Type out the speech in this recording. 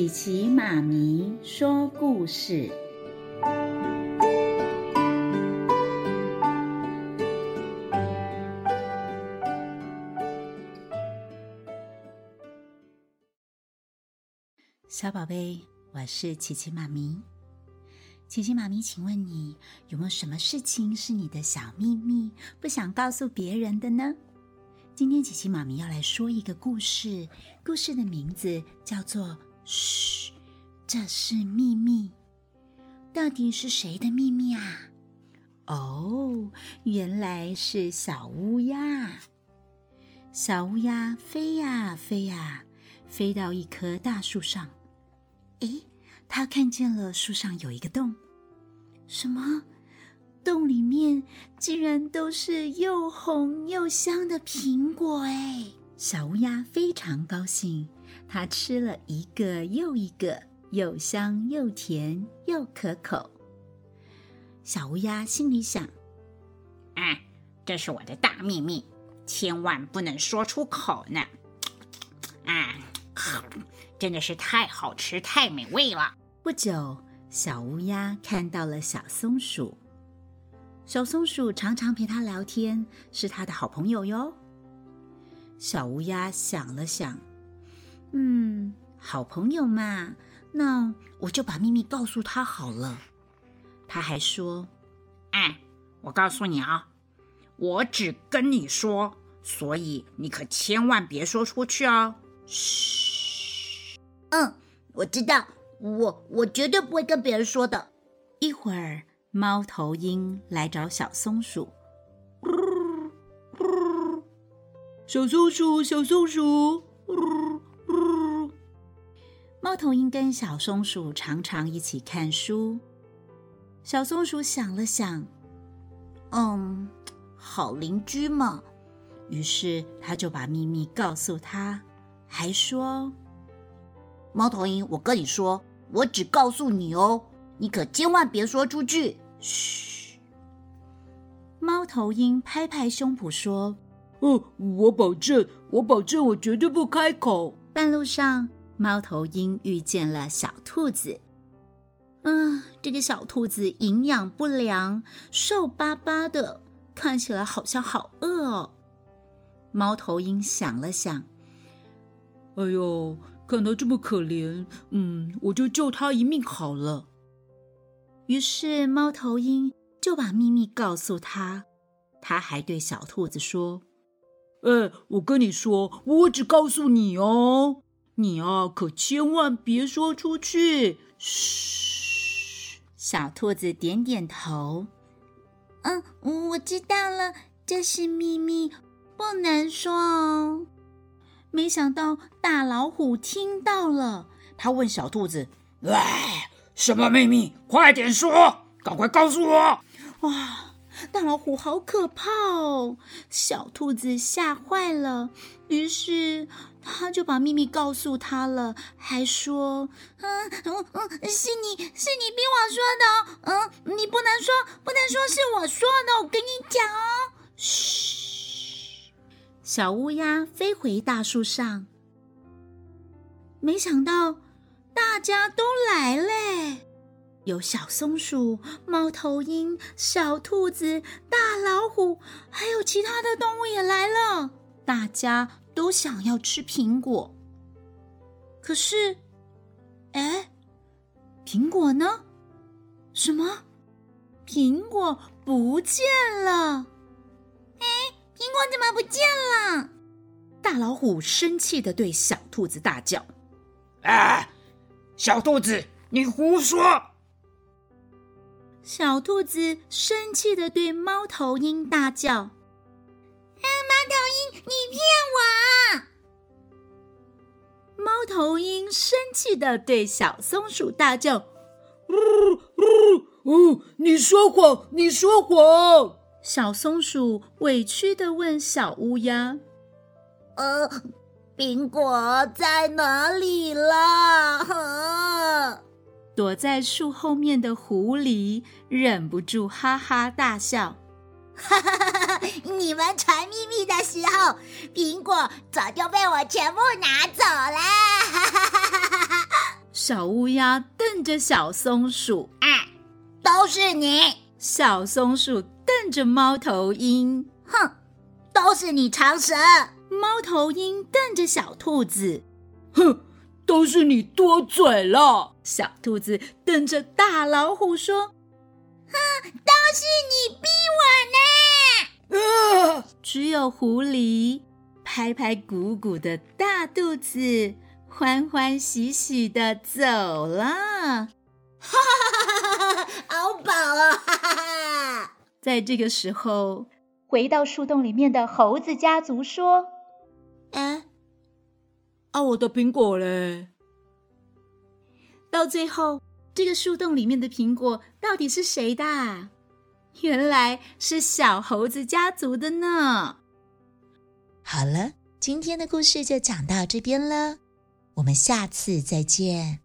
琪琪媽咪說故事，小寶貝，我是琪琪媽咪。琪琪媽咪，請問你有沒有什麼事情是你的小祕密，不想告訴別人的呢？今天琪琪媽咪要來說一個故事，故事的名字叫做。噓，這是秘密。到底是誰的秘密啊？哦，原來是小烏鴉。小烏鴉飛呀飛呀，飛到一棵大樹上。咦，它看見了樹上有一個洞。什麼？洞裡面竟然都是又紅又香的蘋果！哎，小烏鴉非常高興。他吃了一個又一個，又香又甜又可口。小烏鴉心裡想：“哎、啊，這是我的大秘密，千萬不能說出口呢！”啊，真的是太好吃、太美味了。不久，小烏鴉看到了小松鼠，小松鼠常常陪它聊天，是它的好朋友喲。小烏鴉想了想。嗯，好朋友嘛，那我就把秘密告訴他好了。他還說：“哎，我告訴你啊，我只跟你說，所以你可千萬別說出去哦。”噓。嗯，我知道，我我絕對不會跟別人說的。一會兒，貓頭鷹來找小松鼠。呃呃、小松鼠，小松鼠。呃貓頭鷹跟小松鼠常常一起看書。小松鼠想了想，嗯，好鄰居嘛。於是他就把秘密告訴他，還說：“貓頭鷹，我跟你說，我只告訴你哦，你可千萬別說出去。噓。”貓頭鷹拍拍胸脯說：“哦，我保證，我保證，我絕對不開口。”半路上。貓頭鷹遇見了小兔子，嗯，這個小兔子營養不良，瘦巴巴的，看起來好像好餓哦。貓頭鷹想了想，哎呦，看到這麼可憐，嗯，我就救他一命好了。於是貓頭鷹就把秘密告訴他，他還對小兔子說：“呃、哎，我跟你說，我只告訴你哦。”你啊，可千萬別說出去！噓，小兔子點點頭。嗯，我知道了，這是秘密，不能說哦。沒想到大老虎聽到了，他問小兔子：“喂，什麼秘密？快點說，趕快告訴我！”哇。大老虎好可怕哦！小兔子嚇壞了，於是他就把秘密告訴他了，還說：“嗯嗯嗯，是你是你逼我說的哦。嗯，你不能說，不能說是我說的，我跟你講哦，噓。”小烏鴉飛回大樹上，沒想到大家都來嘞。有小松鼠、貓頭鷹、小兔子、大老虎，還有其他的動物也來了。大家都想要吃蘋果，可是，哎，蘋果呢？什麼？蘋果不見了！哎，蘋果怎麼不見了？大老虎生氣的對小兔子大叫：“哎、啊，小兔子，你胡說！”小兔子生氣地對貓頭鷹大叫：“啊、哎，貓頭鷹，你騙我！”貓頭鷹生氣地對小松鼠大叫：“嗚嗚嗚，你說謊，你說謊！”小松鼠委屈地問小烏鴉：“呃，蘋果在哪裡了？”躲在樹後面的狐狸忍不住哈哈大笑：“ 你們藏秘密的時候，蘋果早就被我全部拿走了。 ”小烏鴉瞪着小松鼠：“啊，都是你！”小松鼠瞪着貓頭鷹：“哼，都是你長舌！”貓頭鷹瞪着小兔子：“哼。”都是你多嘴了！小兔子瞪着大老虎說：“哼、啊，都是你逼我呢。 ”只有狐狸拍拍鼓鼓的大肚子，歡歡喜喜的走了。好 飽啊了！ 在這個時候，回到樹洞裡面的猴子家族說。啊，我的蘋果嘞！到最後，這個樹洞裡面的蘋果到底是誰的？原來是小猴子家族的呢。好了，今天的故事就講到這邊了，我們下次再見。